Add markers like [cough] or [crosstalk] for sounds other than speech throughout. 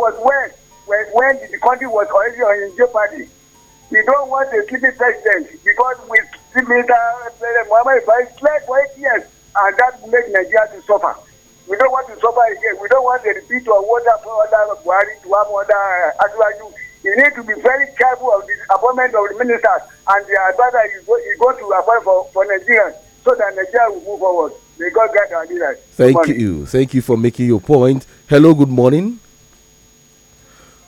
was when, when, when the country was already in jeopardy. We don't want keep the president because see Mr. President Muhammad Ibrahim slept for eight years and that make Nigeria to suffer. We don't want to suffer again. We don't want the repeat of what happened under Buhari to have under uh, Aduaju. You need to be very careful of the appointment of the ministers and the advisor you go, you go to appoint for, for so that Nigeria will move forward. May God guide our leaders. Thank you. Thank you for making your point. Hello, good morning.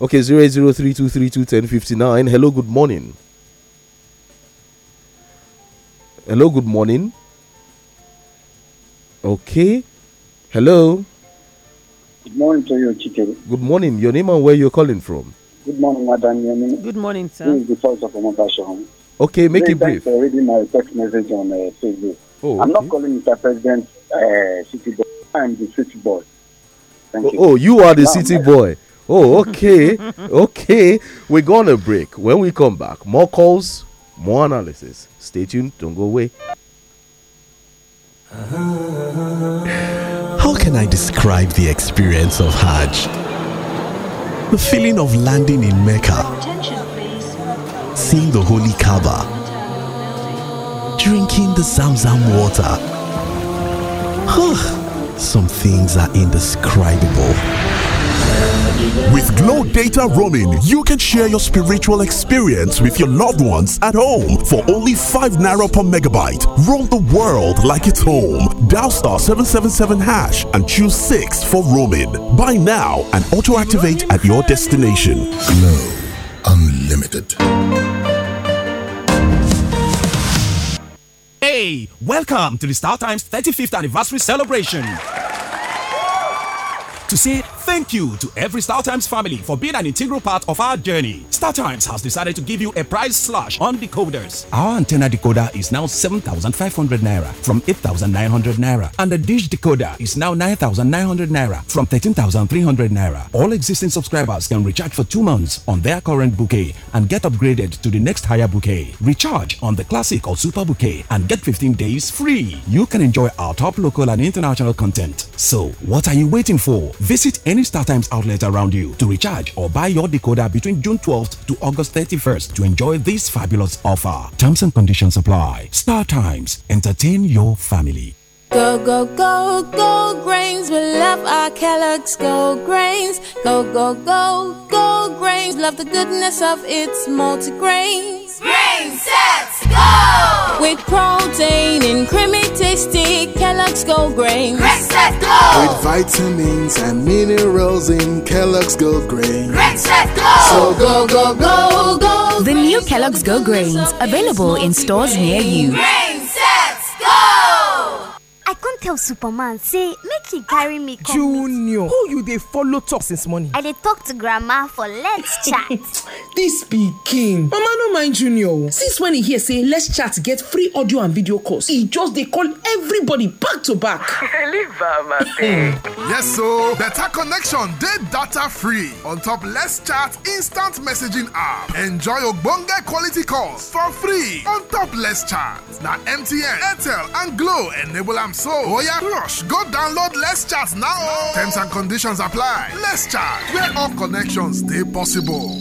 Okay, 08032321059. Hello, good morning. Hello, good morning. Okay. Hello. Good morning to you, Chike. Good morning. Your name and where you're calling from? Good morning, Madam Good morning, sir. This is the source of communication. Okay, make Today, it brief. Thanks for reading my text message on uh, Facebook. Oh, I'm not calling Mr. President uh, City Boy. I'm the City Boy. Thank oh, you. oh, you are the now, City Boy. Oh, okay. okay. We're going to break. When we come back, more calls, more analysis. Stay tuned. Don't go away. How can I describe the experience of Hajj? The feeling of landing in Mecca, seeing the holy Kaaba, drinking the Zamzam water. Some things are indescribable. With Glow Data Roaming, you can share your spiritual experience with your loved ones at home for only 5 naira per megabyte. Roam the world like it's home. Dial star 777 hash and choose 6 for roaming. Buy now and auto activate at your destination. Glow Unlimited. Hey, welcome to the Star Times 35th anniversary celebration. To see Thank you to every StarTimes family for being an integral part of our journey. StarTimes has decided to give you a price slash on decoders. Our antenna decoder is now 7,500 naira from 8,900 naira, and the dish decoder is now 9,900 naira from 13,300 naira. All existing subscribers can recharge for two months on their current bouquet and get upgraded to the next higher bouquet. Recharge on the classic or super bouquet and get 15 days free. You can enjoy our top local and international content. So, what are you waiting for? Visit any Star StarTimes outlets around you to recharge or buy your decoder between June 12th to August 31st to enjoy this fabulous offer. Terms and conditions apply. StarTimes, entertain your family. Go, go, go, go grains. We love our Kellogg's Go grains. Go, go, go, go grains. Love the goodness of its multi grains. Grain sets go! With protein and creamy tasty Kellogg's Gold Go! With vitamins and minerals in Kellogg's Gold Go! So go, go, go, go. The new Kellogg's Go Grains, available in stores near you. tell superman say make he carry me come junior who you dey follow talk since morning i dey talk to grandma for let's [laughs] chat dis pikin mama no mind junior since when he hear say let's chat get free audio and video calls He just dey call everybody back to back Leave [laughs] [laughs] yes so better connection dey data free on top let's chat instant messaging app enjoy ogbonge quality calls for free on top let's chat na mtn airtel and glo enable am so Oh yeah, rush. Go download Let's Chat now. Terms and conditions apply. Let's Chat, where all connections stay possible.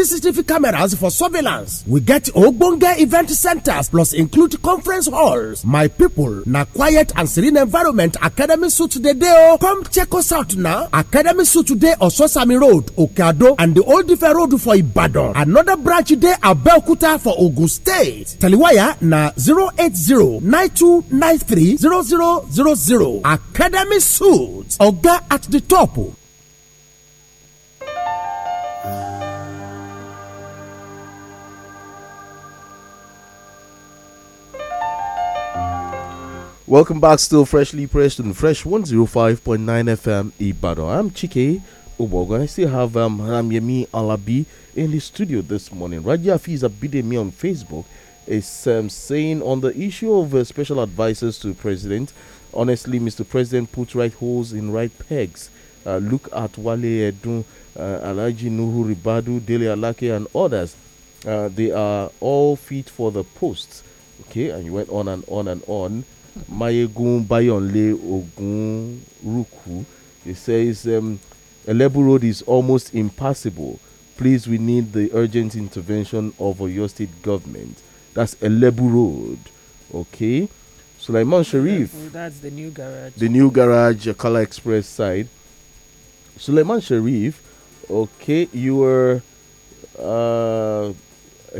CCTV cameras for surveillance. We get ogbonge event centers plus include conference halls. My people na quiet and serene environment Academy Suit dey day. Oh, Come check us out now. Academy Suit dey Ososami Road, Okeado and the Old Ife Road for Ibadan. Another branch dey Abeokuta for Ogun State. Taliwaya na 08092930000. Academy Suit. Oga at the top. Welcome back, still freshly pressed on Fresh 105.9 FM Ibadan. I'm Chike Obogo. I still have um, Yemi Alabi in the studio this morning. Raja Fiz me on Facebook is um, saying on the issue of uh, special advisors to President, honestly, Mr. President put right holes in right pegs. Uh, look at Wale Edun, uh, Alaji Nuhu Ribadu, Dele Alake, and others. Uh, they are all fit for the posts. Okay, and you went on and on and on. Mayegun Bayonle Ruku. He says, um, Elebu Road is almost impassable. Please, we need the urgent intervention of your state government. That's Elebu Road. Okay. Sulaiman Sharif. Well, that's the new garage. The new garage, Akala Express side. Sulaiman Sharif. Okay, you were. Uh,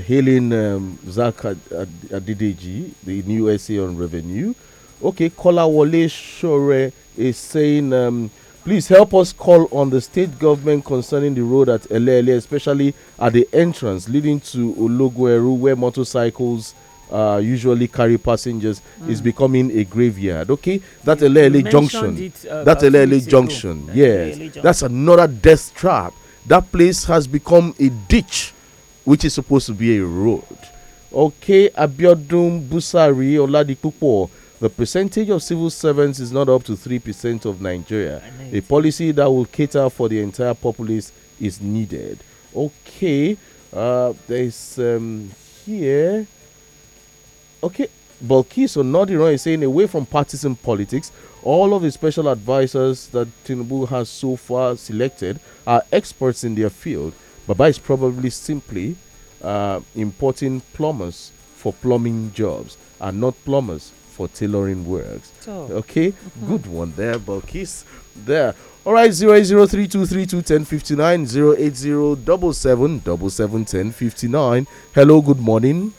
hailing um, Zach Adidiji new USA on revenue. Okay, caller Wale Shore is saying, um, please help us call on the state government concerning the road at Elele, especially at the entrance leading to Ologueru, where motorcycles uh, usually carry passengers, mm. is becoming a graveyard. Okay, that Elele junction, it, uh, that Elele junction, yes, that's another death trap. That place has become a ditch which is supposed to be a road. Okay, Abiodun Busari Oladipupo. The percentage of civil servants is not up to 3% of Nigeria. A policy that will cater for the entire populace is needed. Okay, uh, there's um, here. Okay, Balkiso Nodiron is saying away from partisan politics, all of the special advisors that Tinubu has so far selected are experts in their field Baba is probably simply uh, importing plumbers for plumbing jobs and not plumbers for tailoring works. Oh. Okay, mm-hmm. good one there, Balkis. There. All right, zero eight zero three two three two ten fifty nine zero eight zero double seven double seven ten fifty nine. Hello, good morning.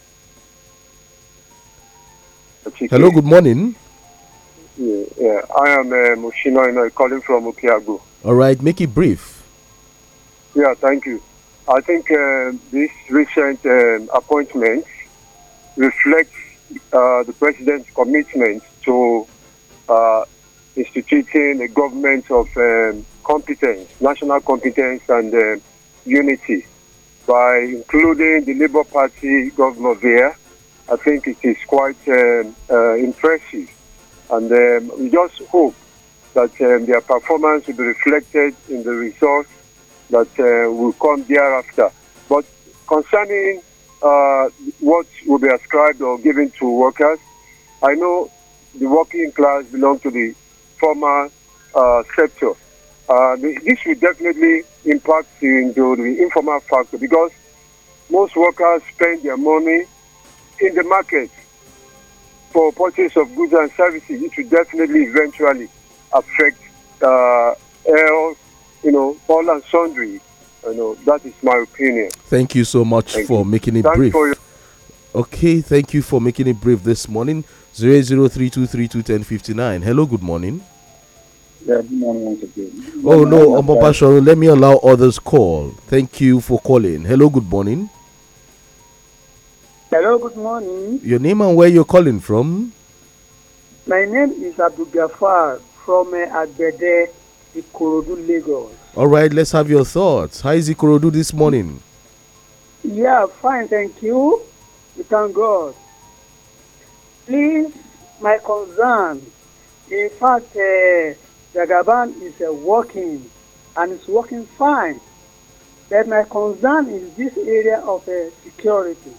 Okay. Hello, good morning. Yeah, yeah. I am uh, and I'm calling from Okiago. All right, make it brief. Yeah, thank you. I think uh, this recent um, appointment reflects uh, the president's commitment to uh, instituting a government of um, competence, national competence, and uh, unity. By including the Labour Party governor there, I think it is quite um, uh, impressive. And um, we just hope that um, their performance will be reflected in the results that uh, will come thereafter. But concerning uh, what will be ascribed or given to workers, I know the working class belong to the formal uh, sector. this will definitely impact into the informal factor because most workers spend their money in the market for purchase of goods and services. It will definitely eventually affect uh, health you know, all and sundry. You know, that is my opinion. Thank you so much thank for you. making it Thanks brief. okay, thank you for making it brief this morning. Zero zero three two three two ten fifty nine. Hello, good morning. Yeah, good morning once again. Oh no, let me allow others call. Thank you for calling. Hello, good morning. Hello, good morning. Your name and where you're calling from? My name is Abu Gafar from uh, Agbede, Ikorodu, Lagos. All right, let's have your thoughts. How is Ikorodu this morning? Yeah, fine, thank you. thank God. Please, my concern. In fact, uh, Jagaban is uh, working and it's working fine. But my concern is this area of uh, security.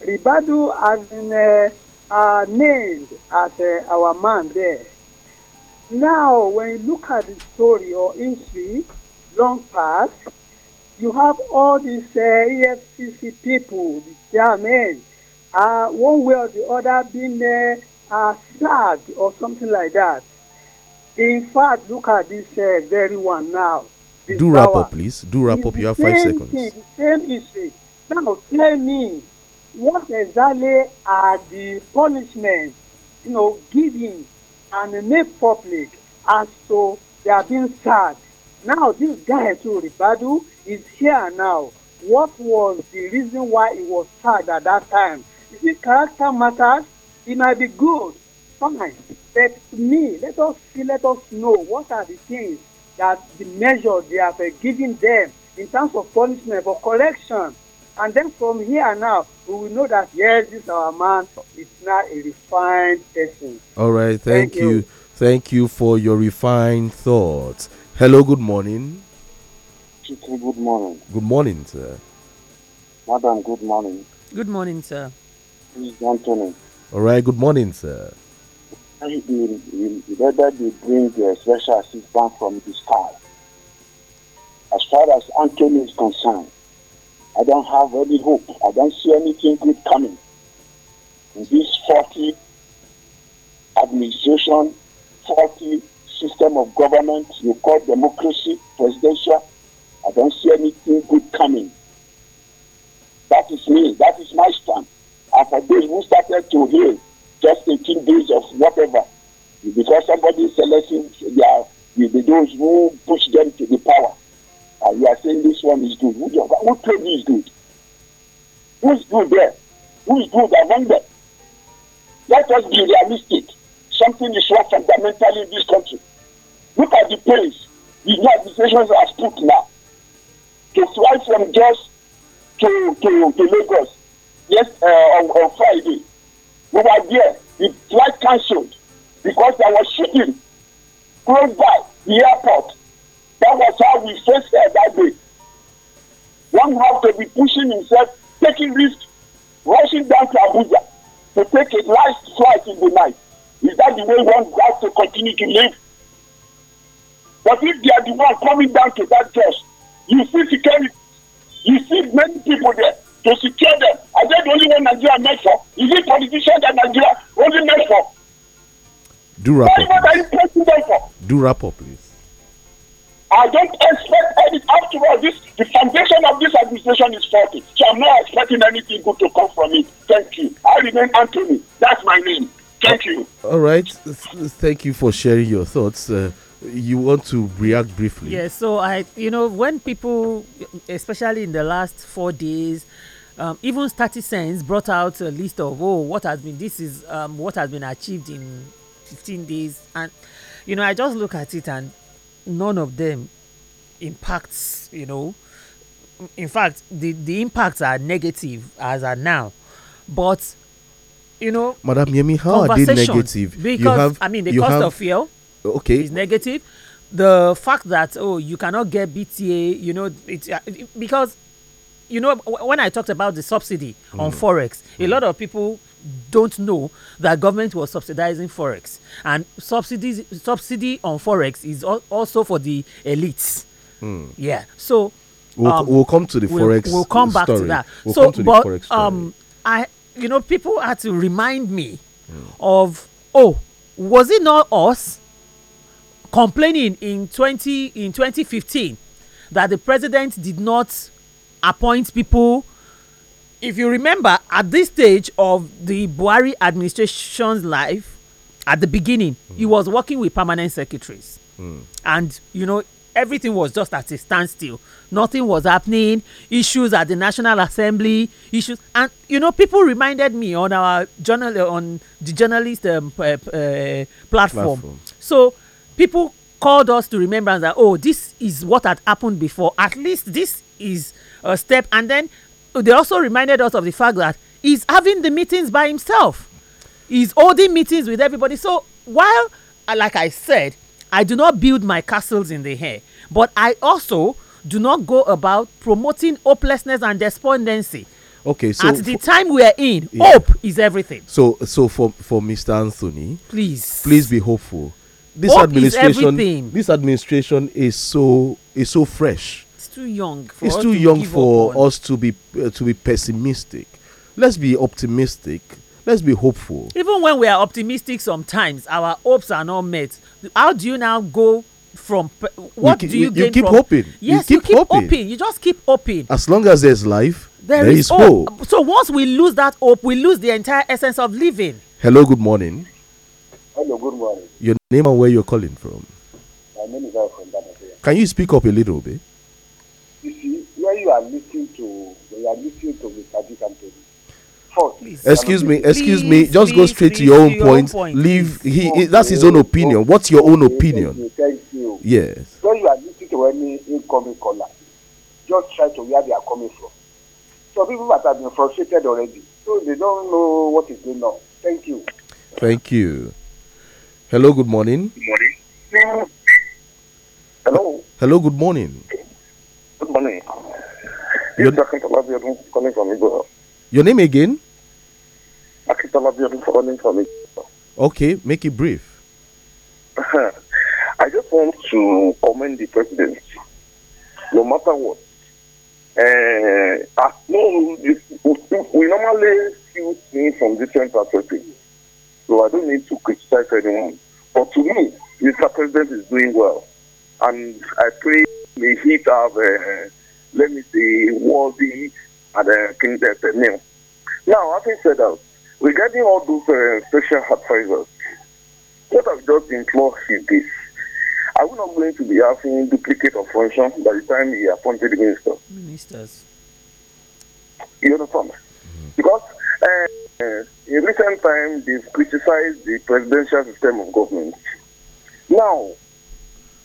Ribadu has been uh, uh named as uh, our man there. Now, when you look at the story or history, long past, you have all these uh, EFCC people, the chairman, uh, one way or the other being uh, uh, or something like that. In fact, look at this uh, very one now. Do wrap up, please. Do wrap it's up. You have five seconds. Thing, the same issue. Now, tell me, what exactly are the punishments, you know, given and made public. And so they are being sad. Now, this guy, too, Ribadu, is here now. What was the reason why he was sad at that time? If the character matters. he might be good, fine. But to me, let us see, let us know what are the things that the measure they have uh, given them in terms of punishment for correction. And then from here now, we will know that yes, this our man is now a refined person. All right, thank, thank you. you. Thank you for your refined thoughts. Hello, good morning. good morning. Good morning, sir. Madam, good morning. Good morning, sir. This is Anthony. All right, good morning, sir. Whether they bring the special assistant from the sky, as far as Anthony is concerned, I don't have any hope. I don't see anything good coming. In this 40 administration, 40 system of government you call democracy, presidential, I don't see anything good coming. That is me. That is my stand. And for those who started to hear just 18 days of whatever, because somebody is selecting their, the, those who push them to the power. And uh, we are saying this one is good. Who, who told you is good? Who's good there? Who is good among them? Let us be realistic. Something is wrong fundamentally in this country. Look at the pains the new administrations has put now to fly from Jos to, to, to Lagos yes, uh, on, on Friday. We were there. The flight cancelled because there was shooting close by the airport. That was how we faced her that day. One has to be pushing himself, taking risks, rushing down to Abuja to take a last flight in the night. Is that the way one has to continue to live? But if they are the one coming down to that church, you see security, you see many people there to secure them. Are they the only one Nigeria met for? Is it politicians that Nigeria only met for? Do wrap Why up. What you for? Do wrap up, please. I don't expect any. After all, this the foundation of this administration is faulty. So I'm not expecting anything good to come from it. Thank you. I remain Anthony. That's my name. Thank you. All right. Thank you for sharing your thoughts. Uh, you want to react briefly? Yes. Yeah, so I, you know, when people, especially in the last four days. Um, even 30 cents brought out a list of oh what has been this is um, what has been achieved in 15 days and you know i just look at it and none of them impacts, you know. In fact, the, the impacts are negative as are now. But, you know, Madam Yemi, how are they negative? Because, you have, I mean, the cost have, of fuel okay. is negative. The fact that, oh, you cannot get BTA, you know, it, it uh, because, you know, when I talked about the subsidy mm. on Forex, mm. a lot of people don't know that government was subsidizing forex and subsidies subsidy on forex is also for the elites mm. yeah so we'll, um, we'll, come to the we'll, forex we'll, come back story. to that we'll so but um i you know people had to remind me mm. of oh was it not us complaining in 20 in 2015 that the president did not appoint people if you remember, at this stage of the Buhari administration's life, at the beginning, mm. he was working with permanent secretaries. Mm. And, you know, everything was just at a standstill. Nothing was happening. Issues at the National Assembly, issues. And, you know, people reminded me on our journal, on the journalist um, uh, uh, platform. platform. So people called us to remember that, oh, this is what had happened before. At least this is a step. And then they also reminded us of the fact that he's having the meetings by himself. He's holding meetings with everybody. So while, uh, like I said, I do not build my castles in the air, but I also do not go about promoting hopelessness and despondency. Okay, so at the time we are in, yeah. hope is everything. So, so for for Mr. Anthony, please, please be hopeful. This hope administration, this administration is so is so fresh too young for it's too to young for us to be uh, to be pessimistic let's be optimistic let's be hopeful even when we are optimistic sometimes our hopes are not met how do you now go from what you do you, you, you keep from? hoping yes you keep, you keep hoping. hoping. you just keep hoping as long as there's life there, there is, is hope. hope so once we lose that hope we lose the entire essence of living hello good morning hello good morning your name and where you're calling from my name is Alfred. can you speak up a little bit you are listening to when you are listening to Mr. Dick Anthony. Please. Excuse me, excuse please, me. Just please, go straight to your own to point. own point. Leave. He, okay. that's his own opinion. What's your own opinion? Thank you. Yes. So you are listening to any incoming caller. Just try to where they are coming from. So people that have been frustrated already, so they don't know what is going on. Thank you. Thank you. Hello. Good morning. Good morning. Hello. Hello. Good morning. Good morning. Your, calling from Igbo. Your name again? Akintola calling from Igbo. Okay, make it brief. [laughs] I just want to commend the president. No matter what, uh, eh, I we normally see things from different perspectives, so I don't need to criticize anyone. But to me, Mr. President is doing well, and I pray may he have. Uh, let me say, worthy and uh, King Death uh, named. Now, having said that, regarding all those uh, special advisors, what I've just implored is this. Are we not going to be having duplicate of function by the time he appointed the minister? Ministers. You understand? Mm-hmm. Because uh, uh, in recent time, they've criticized the presidential system of government. Now,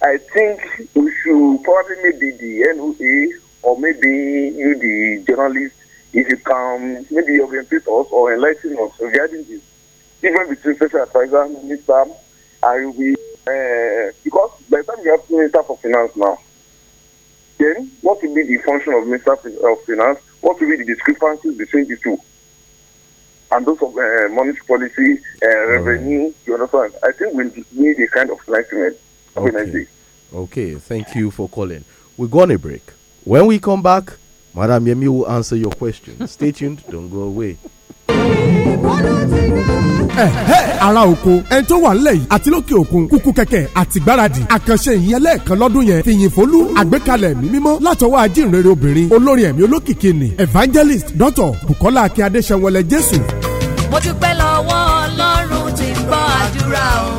I think we should probably maybe the NOA or maybe you, the journalist, if you can maybe orientate us or enlighten us regarding this, even between special advisor, minister, and we, uh, because by the time you have minister for finance now, then what will be the function of minister of finance? What will be the discrepancies between the two? And those of uh, eh, monetary policy, uh, revenue, right. you understand? I think we need a kind of enlightenment. Okay. okay, thank you for calling. We're going to break. When we come back, Madam Yemi will answer your question. Stay tuned, don't go away. ara oko ẹni tó wà nílẹ̀ yìí àti lókè òkun kúkú kẹ̀kẹ́ àti gbáradì àkànṣe ìyẹn lẹ́ẹ̀kan lọ́dún yẹn fìyìn fólú àgbékalẹ̀ ẹ̀mí mímọ́ látọwọ́ ajínrere obìnrin olórin ẹ̀mí olókìkí ni evangelist dr bukola akíndé jésù. mo ti pẹ́ lọ́wọ́ ọlọ́run ti gbọ́ àdúrà o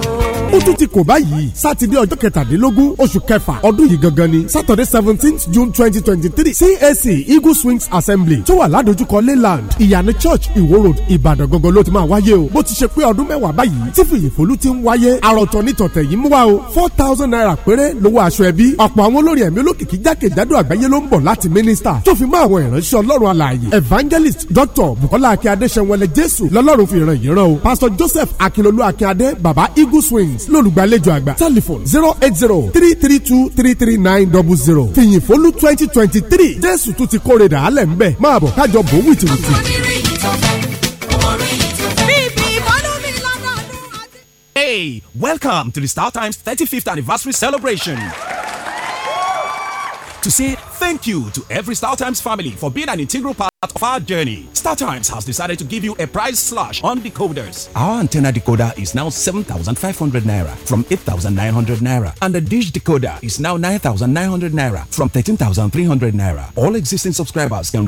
ó tún ti kò báyìí sátidé ọjọ́ kẹtàdínlógún oṣù kẹfà ọdún yìí gangan ni saturday seventeenth june twenty twenty three cac eagle swings assembly tó wà ládojúkọ leyland ìyànà church ìwó road ìbàdàn gangan ló ti máa wáyé o bó ti ṣe pé ọdún mẹ́wàá báyìí tí fìyìfòlù ti ń wáyé àròtọ̀ ní tọ̀tẹ̀ yìí mú wa o four thousand naira péré lówó aṣọ ẹbí ọ̀pọ̀ àwọn olórin ẹ̀mí olókìkí jákèjádò àgbáyé ló ń bọ̀ láti mínísítà tó fi mọ́ evangelist dr bukola akíndé ṣẹ̀wọ̀lẹ̀ jésù lọ́lọ́run fi ràn yìí pastor joseph akilolu akíndé baba eagle swings Estate lólùgbàlejò àgbà telephone zero eight zero three three two three three nine double zero fìyìnfólú twenty twenty three Jésù tún ti kórè dàálẹ̀ ńbẹ̀ máa bọ̀ kájọ bò wìtìwìtì. Hey, welcome to the Star Times 35th anniversary celebration. to say thank you to every StarTimes family for being an integral part of our journey. StarTimes has decided to give you a price slash on decoders. Our antenna decoder is now 7,500 naira from 8,900 naira, and the dish decoder is now 9,900 naira from 13,300 naira. All existing subscribers can.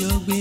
jọ gbé.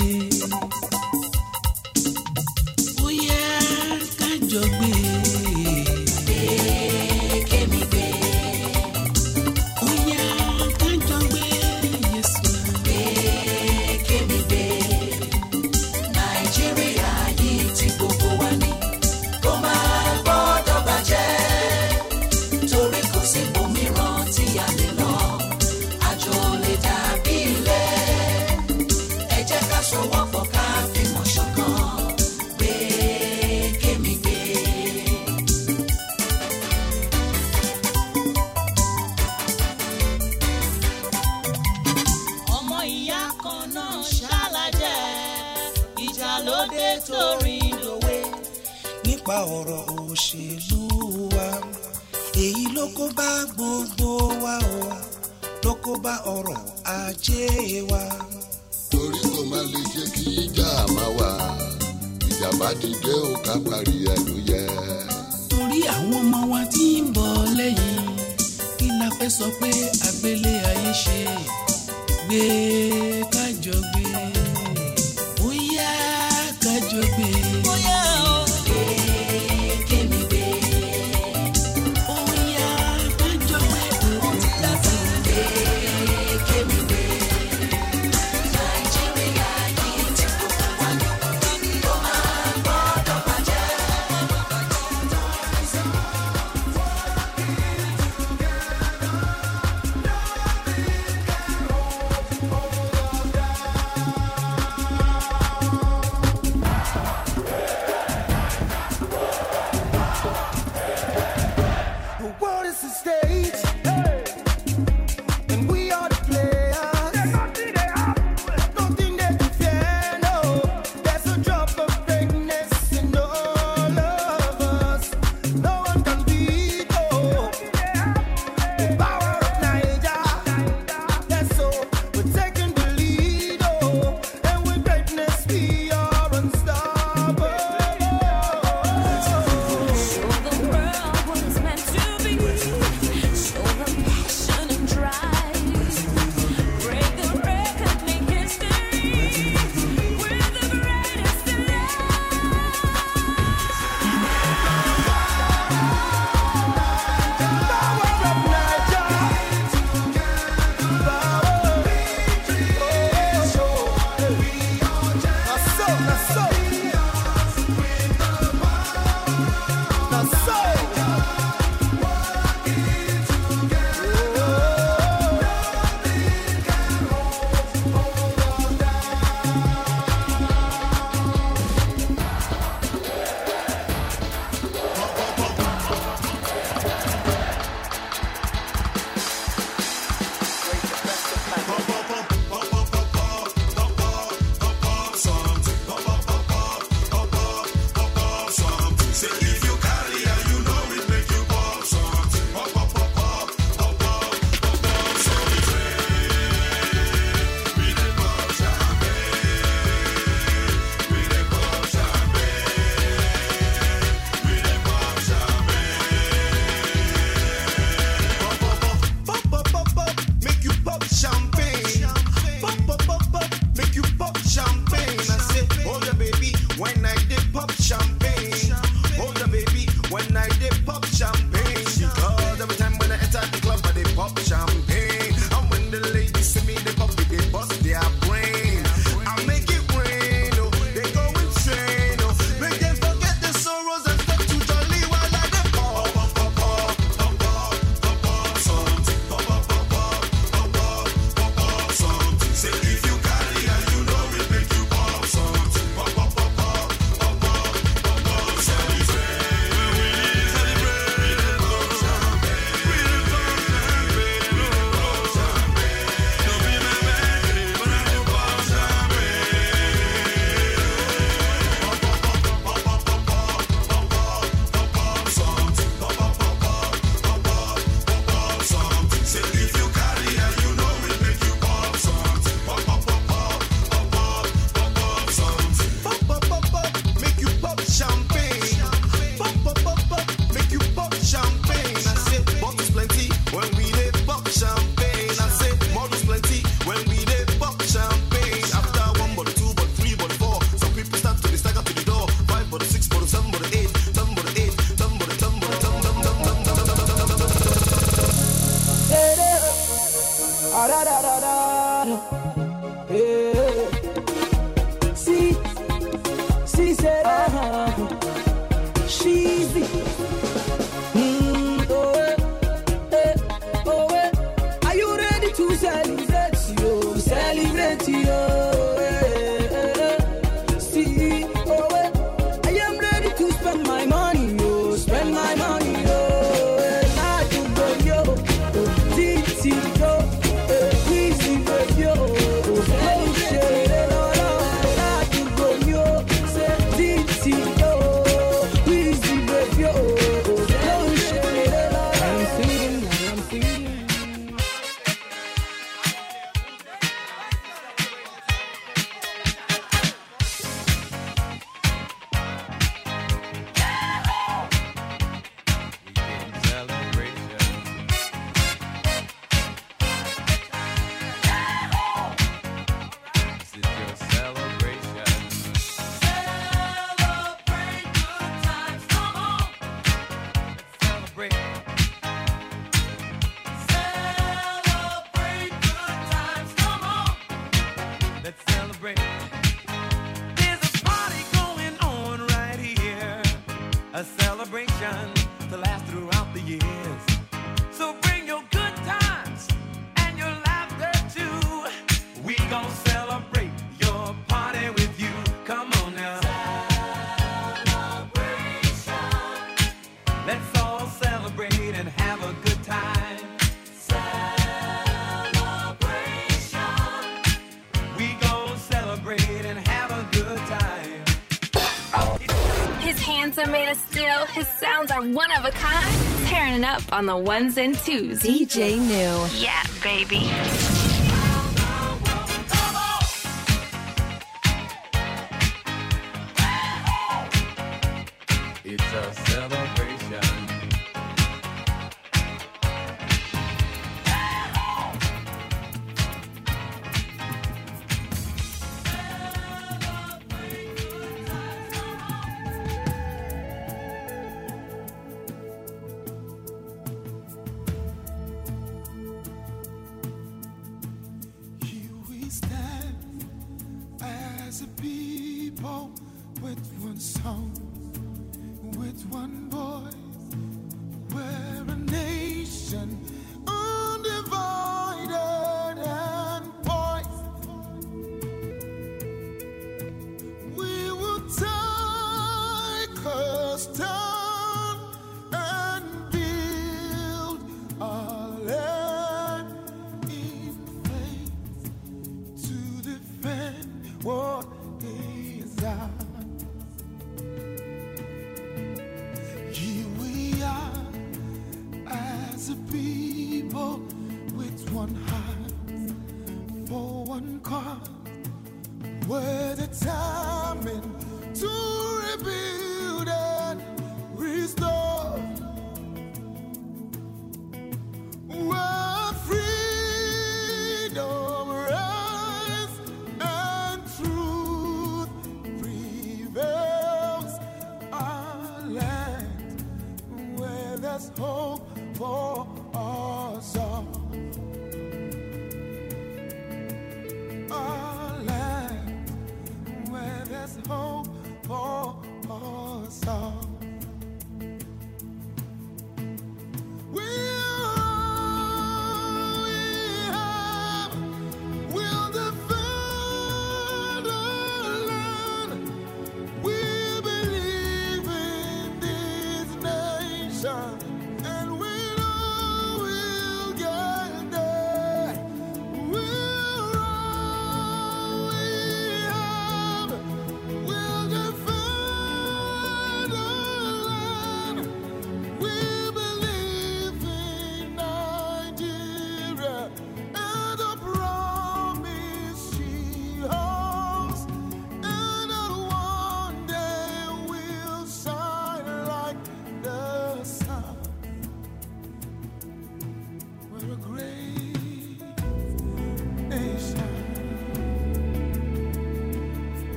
on the ones and twos. DJ New. Yeah, baby. one call where the timing to repeat.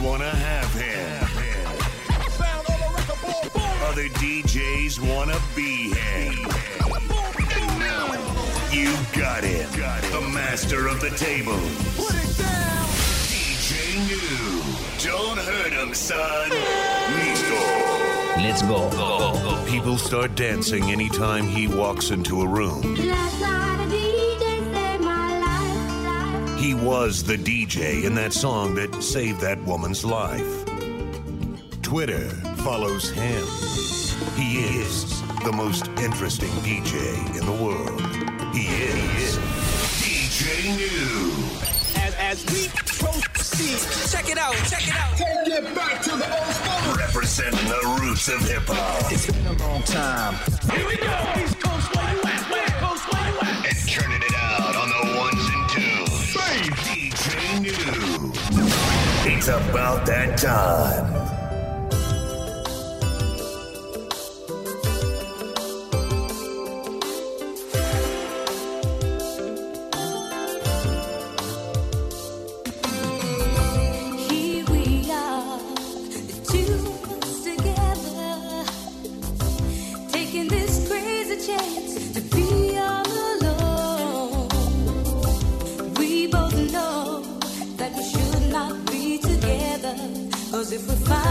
wanna have him. Other DJs wanna be him. You got him. The master of the table. Put it down. DJ New. Don't hurt him, son. Let's go. Let's go. People start dancing anytime he walks into a room. He was the DJ in that song that saved that woman's life. Twitter follows him. He is the most interesting DJ in the world. He is DJ New. As, as we proceed, check it out, check it out. Can't get back to the old school. Representing the roots of hip hop. It's been a long time. Here we go. East Coast, where you at? West Coast, where you at? And turning it It's about that time. superfine.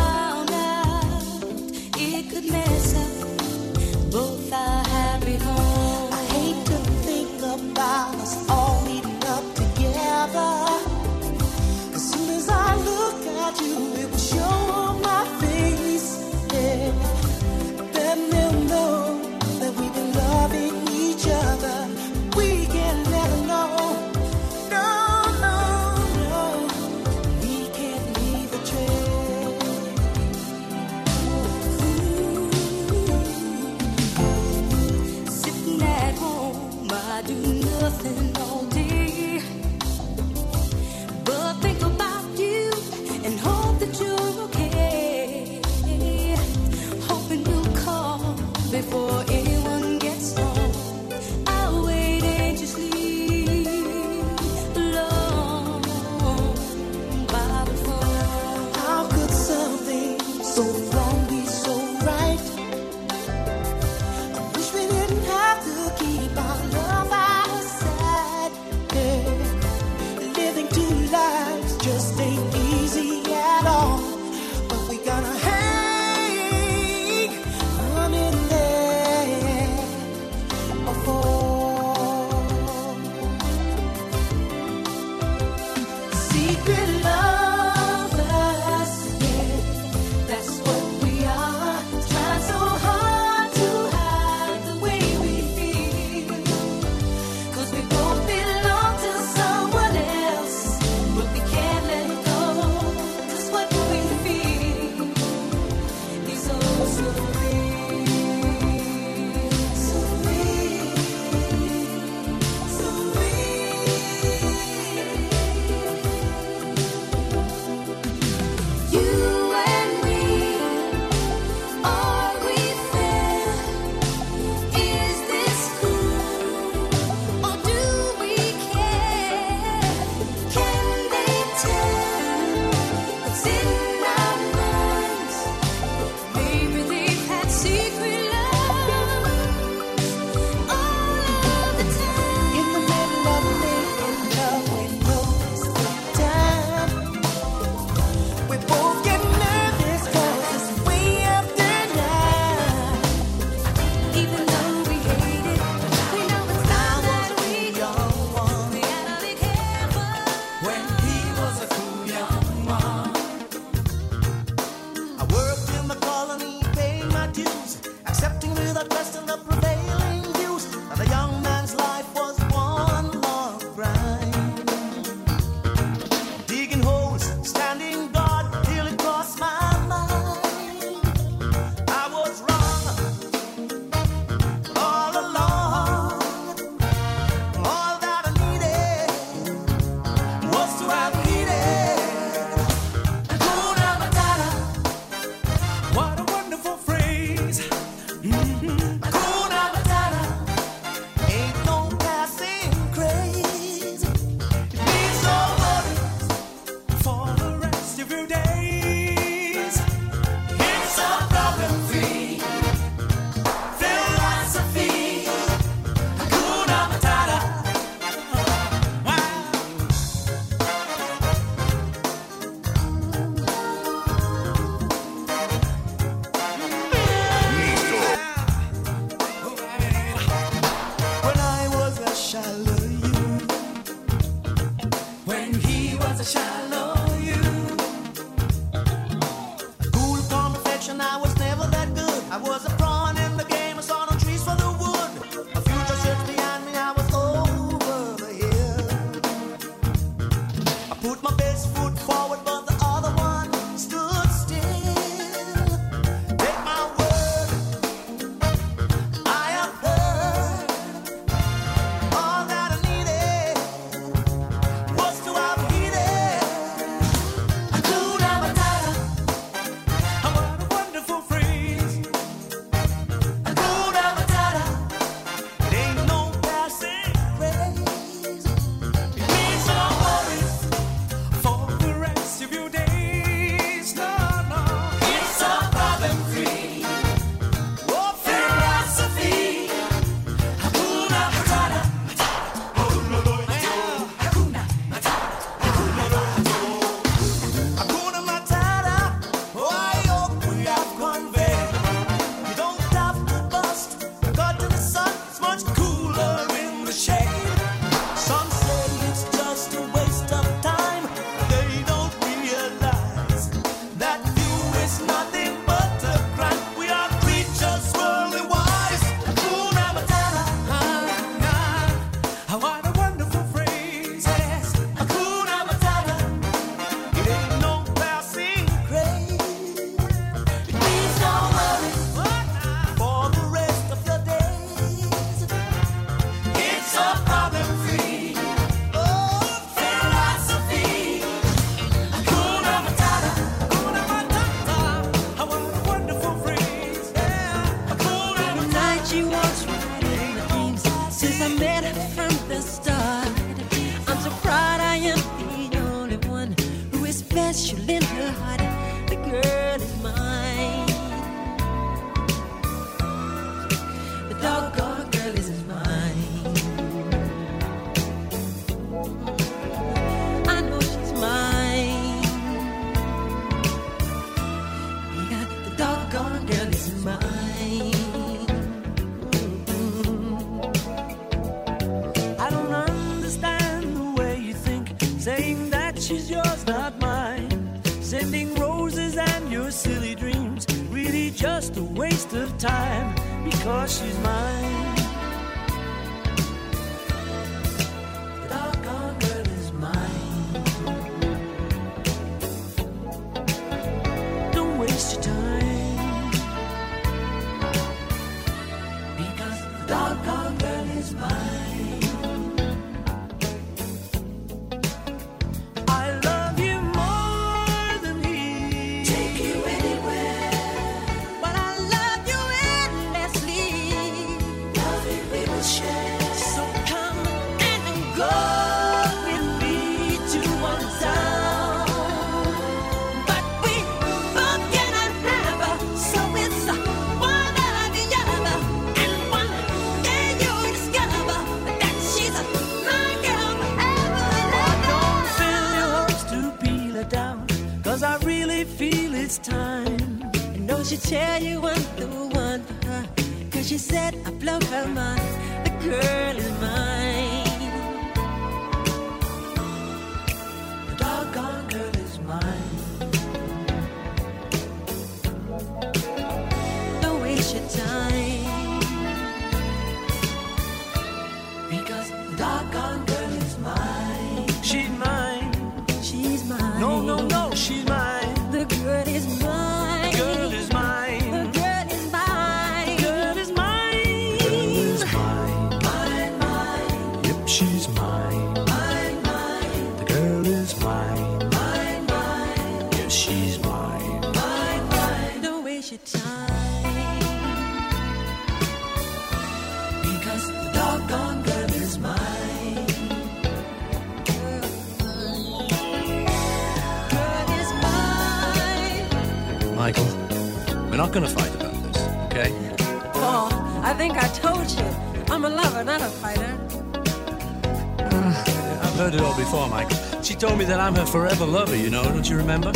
forever lover, you know, don't you remember?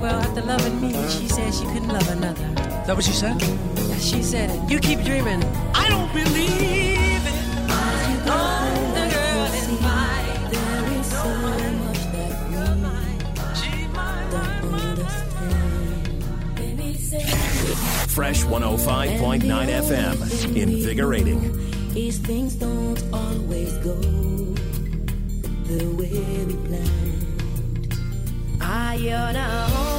Well, after loving me, she said she couldn't love another. Is that what she said? Yeah, she said it. You keep dreaming. I don't believe it. I know the girl Fresh 105.9 FM. Invigorating. These things don't always go the way we planned not of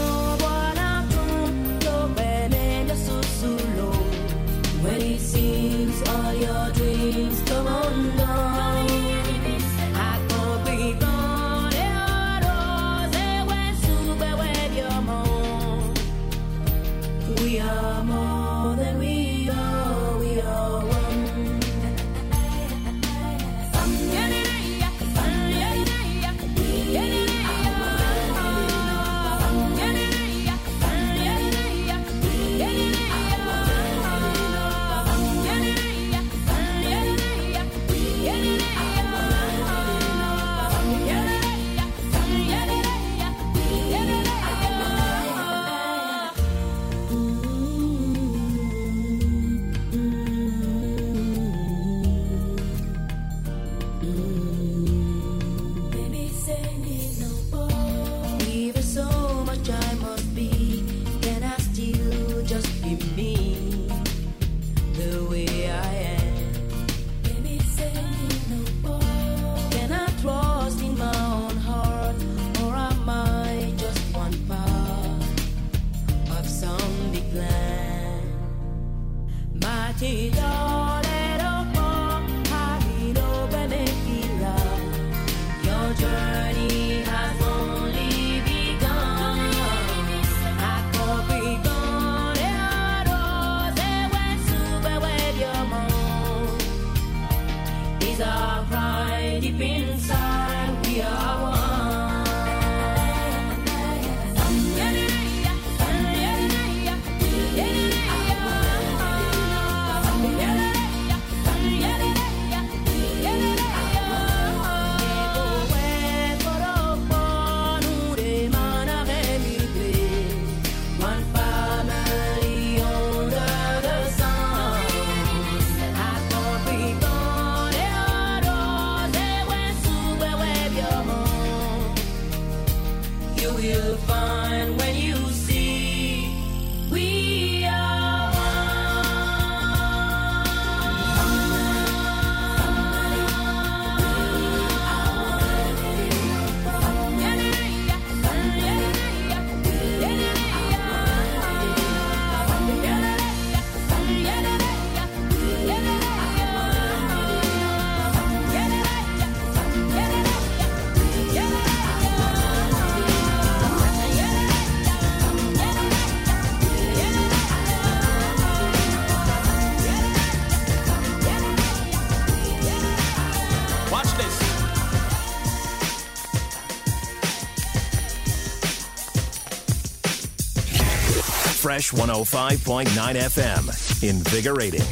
105.9 FM. Invigorating.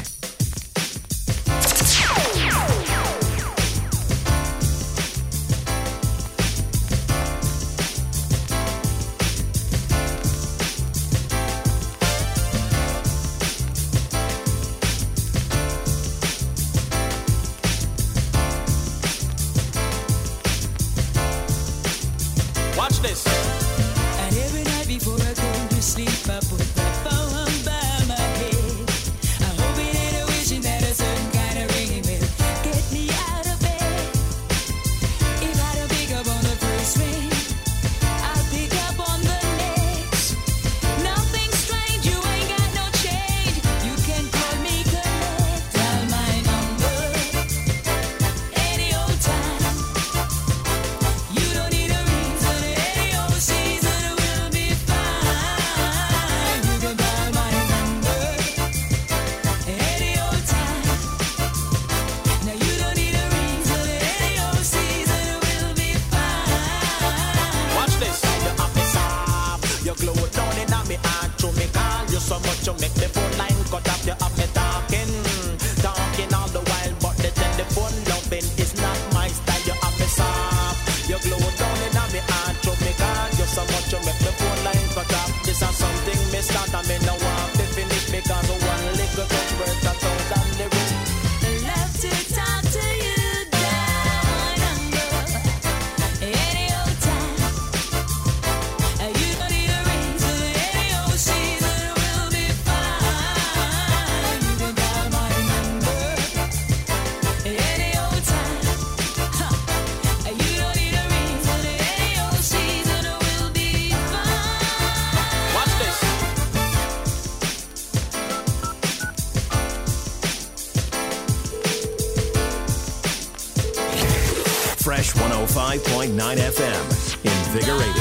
FM. invigorated.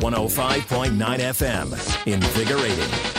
105.9 FM. Invigorating.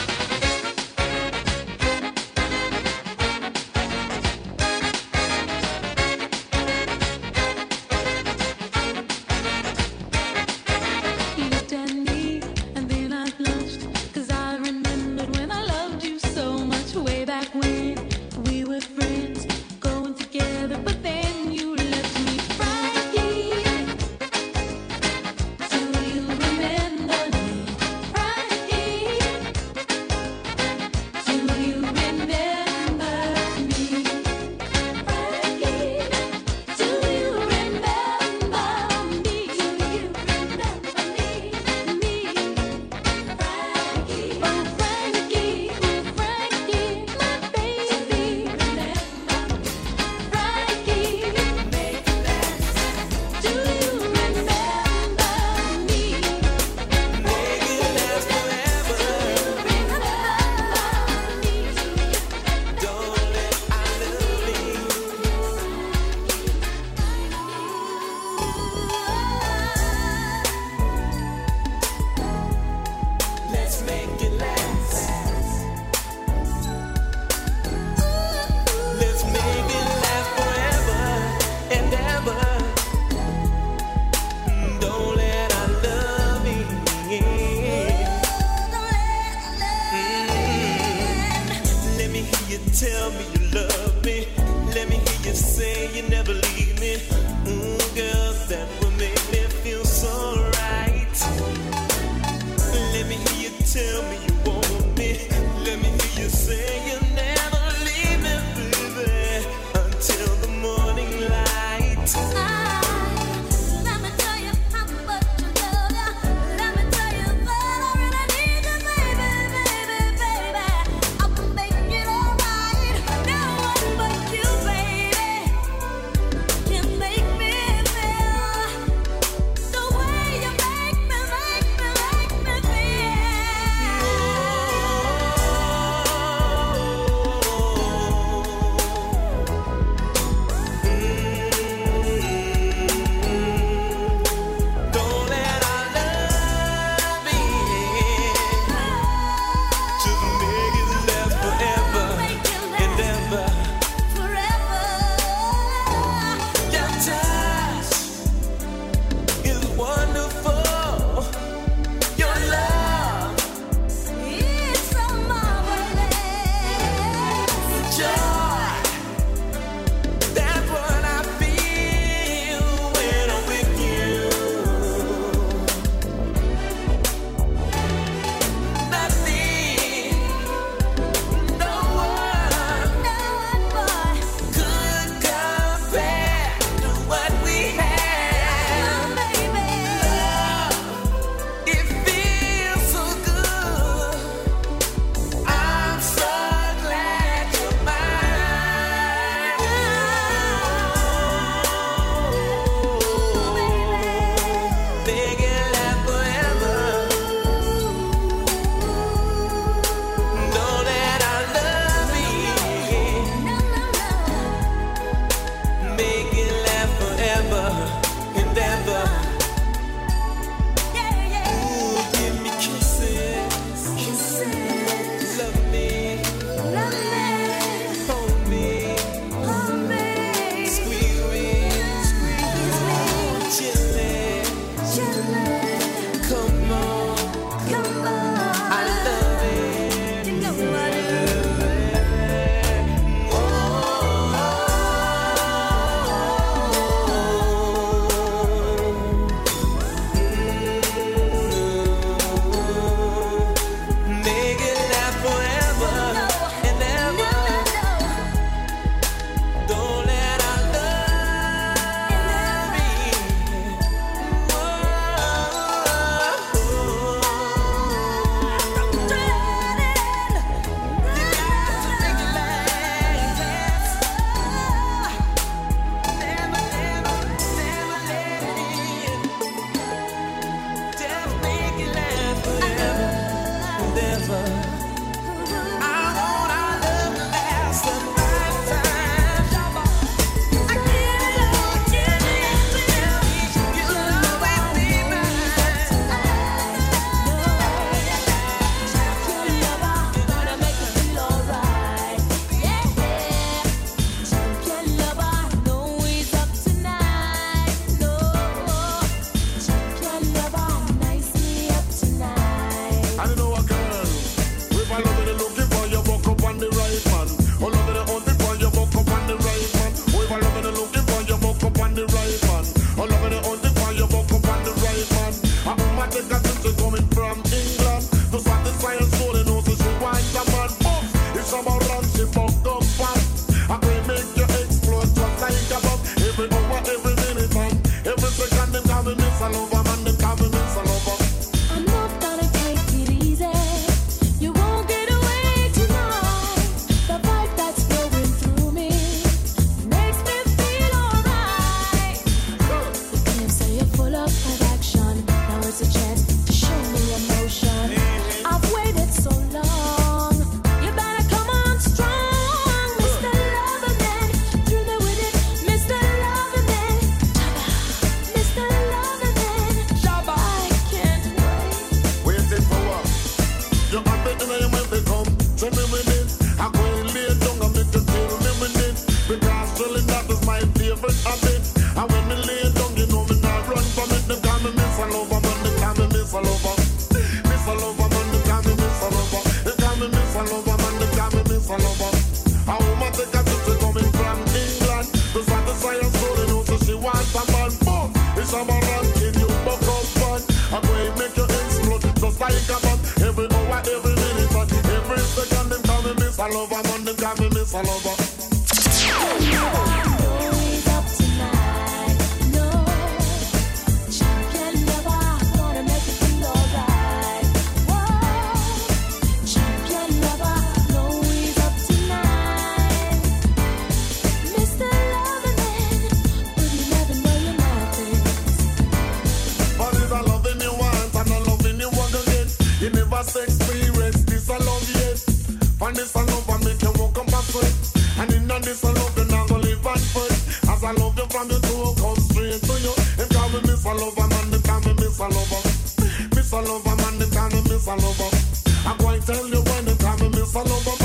Miss a lover. Miss a lover, man, The call me Miss a lover. I'm going to tell you when The call me Miss a lover.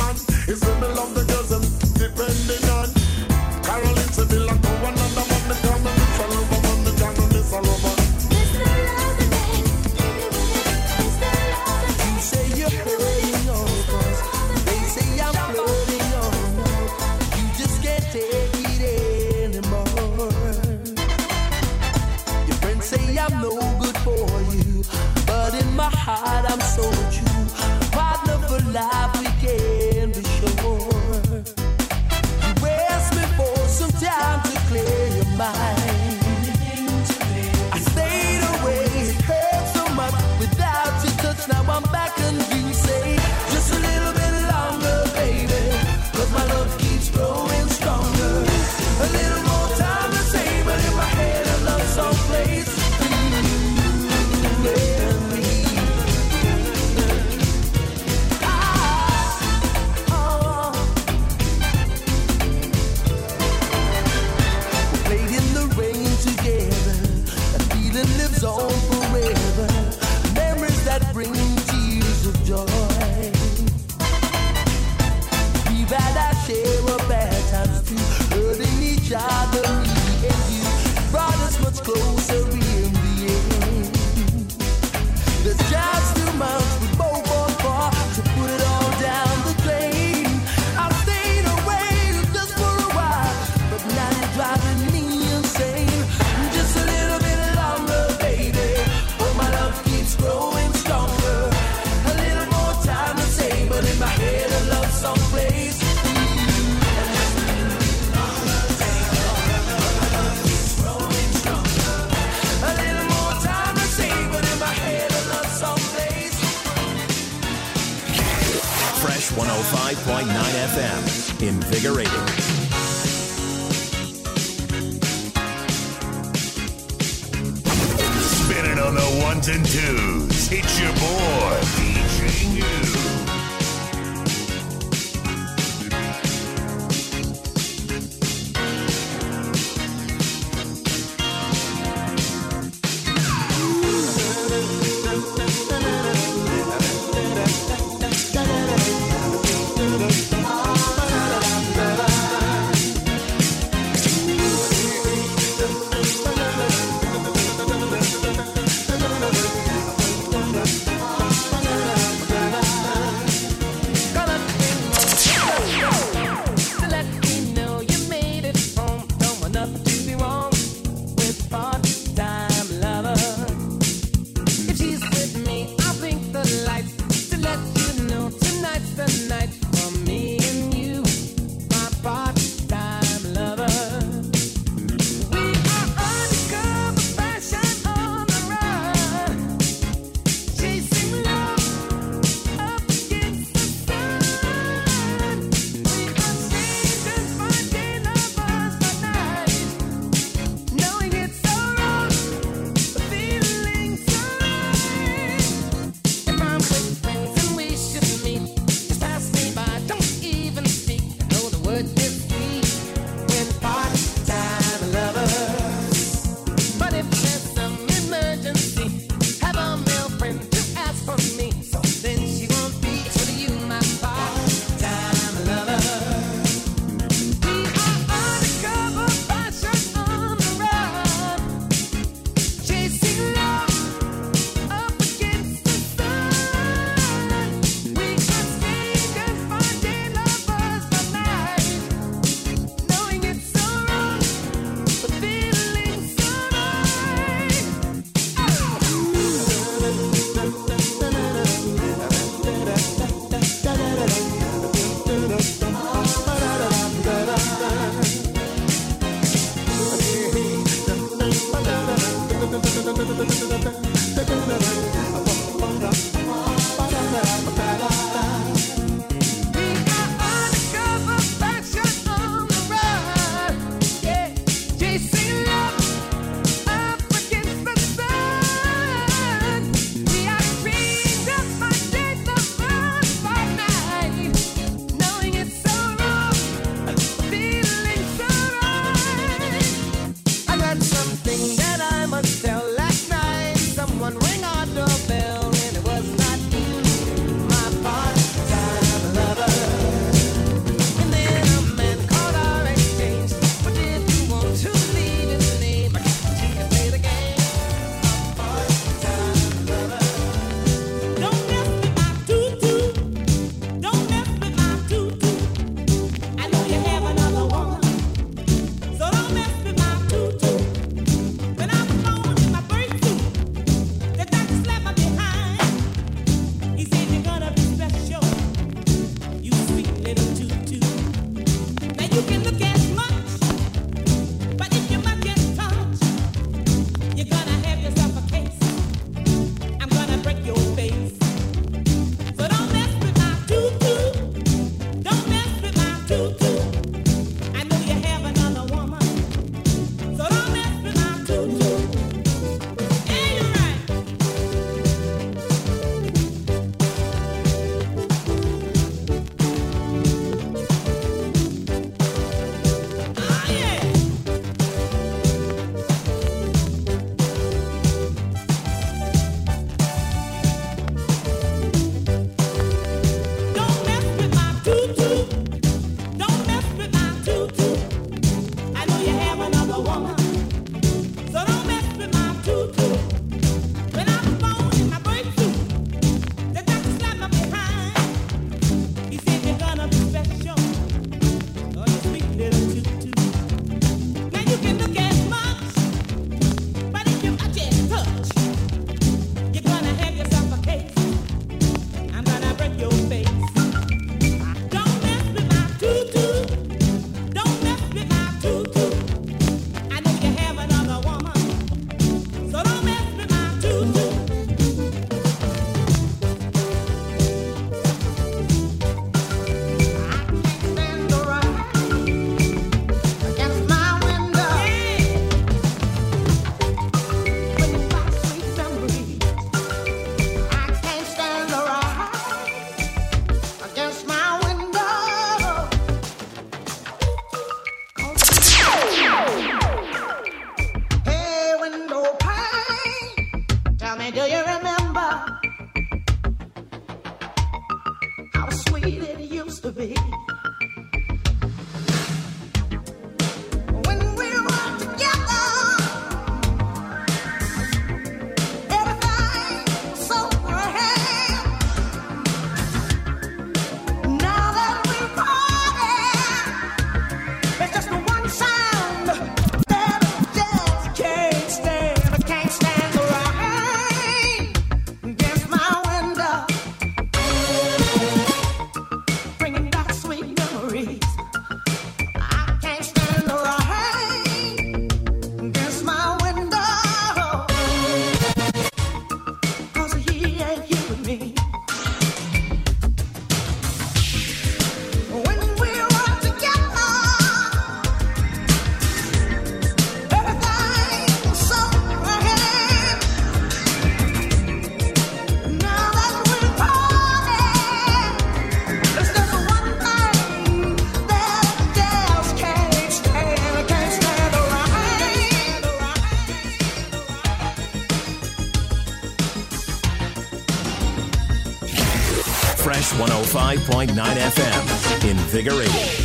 101.9 FM. Invigorating.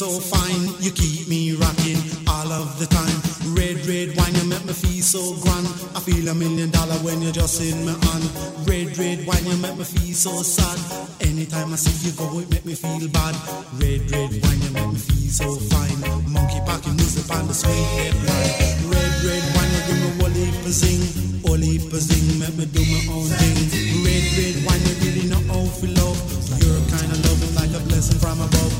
so fine. You keep me rocking all of the time. Red, red wine, you make me feel so grand. I feel a million dollar when you're just in my hand. Red, red wine, you make me feel so sad. Anytime I see you go, it make me feel bad. Red, red wine, you make me feel so fine. Monkey packing music on the sweet red line. Red, red wine, you give me wally pazing, wally pazing, make me do my own thing. Red, red wine, you really know how to love. Your kind of love is like a blessing from above.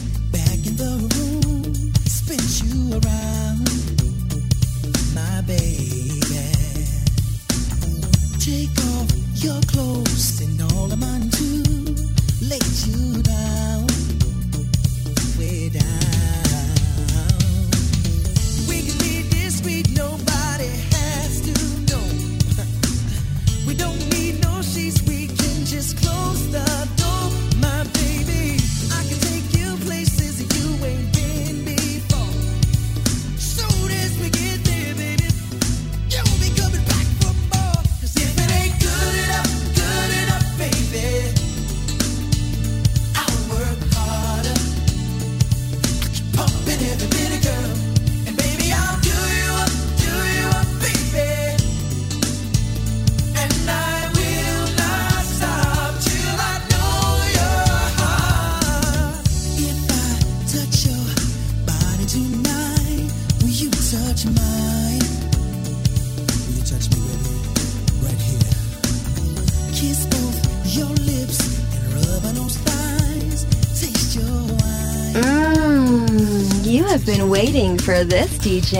for this DJ.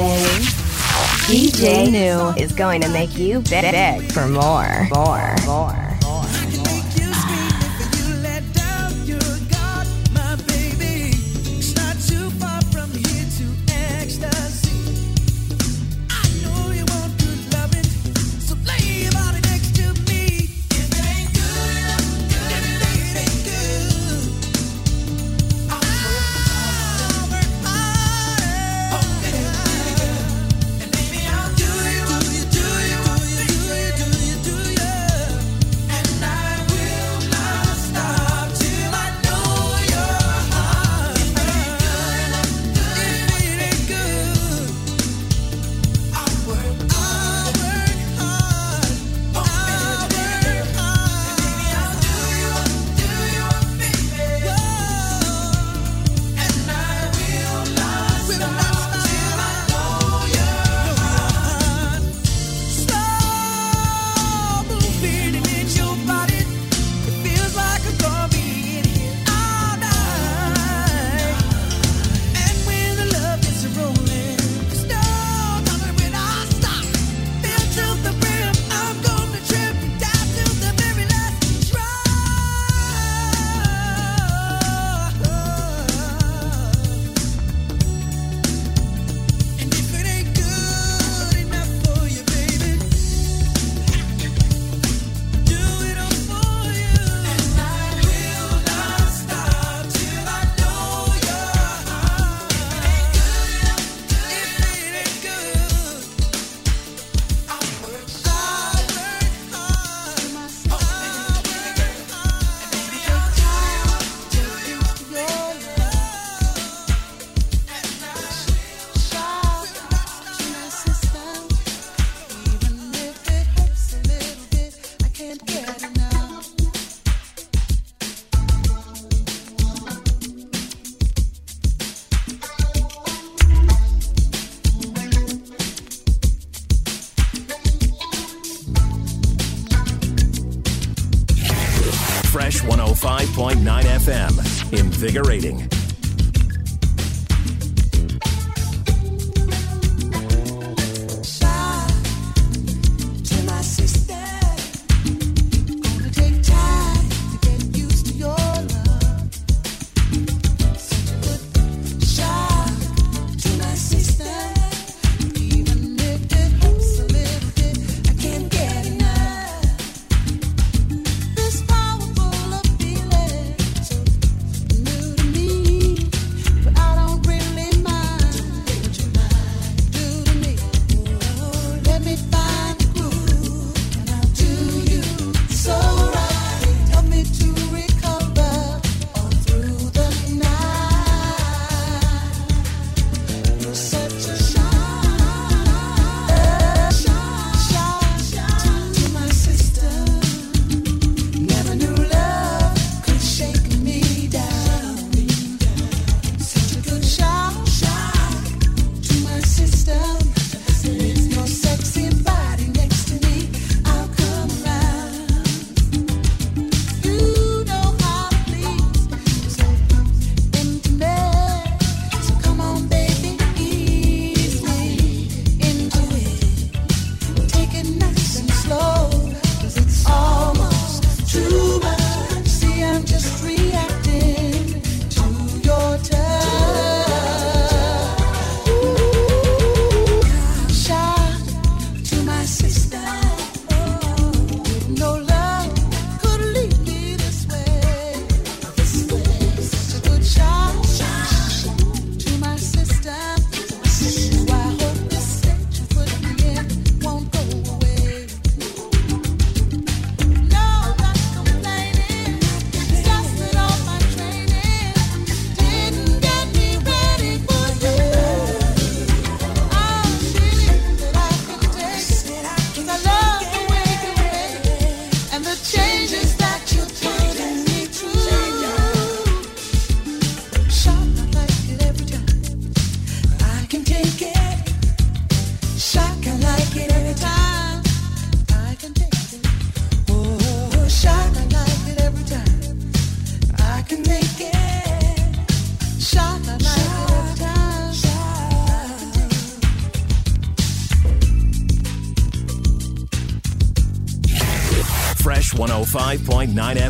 DJ New is going to make you beg for more, more, more.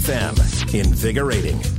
FM. Invigorating.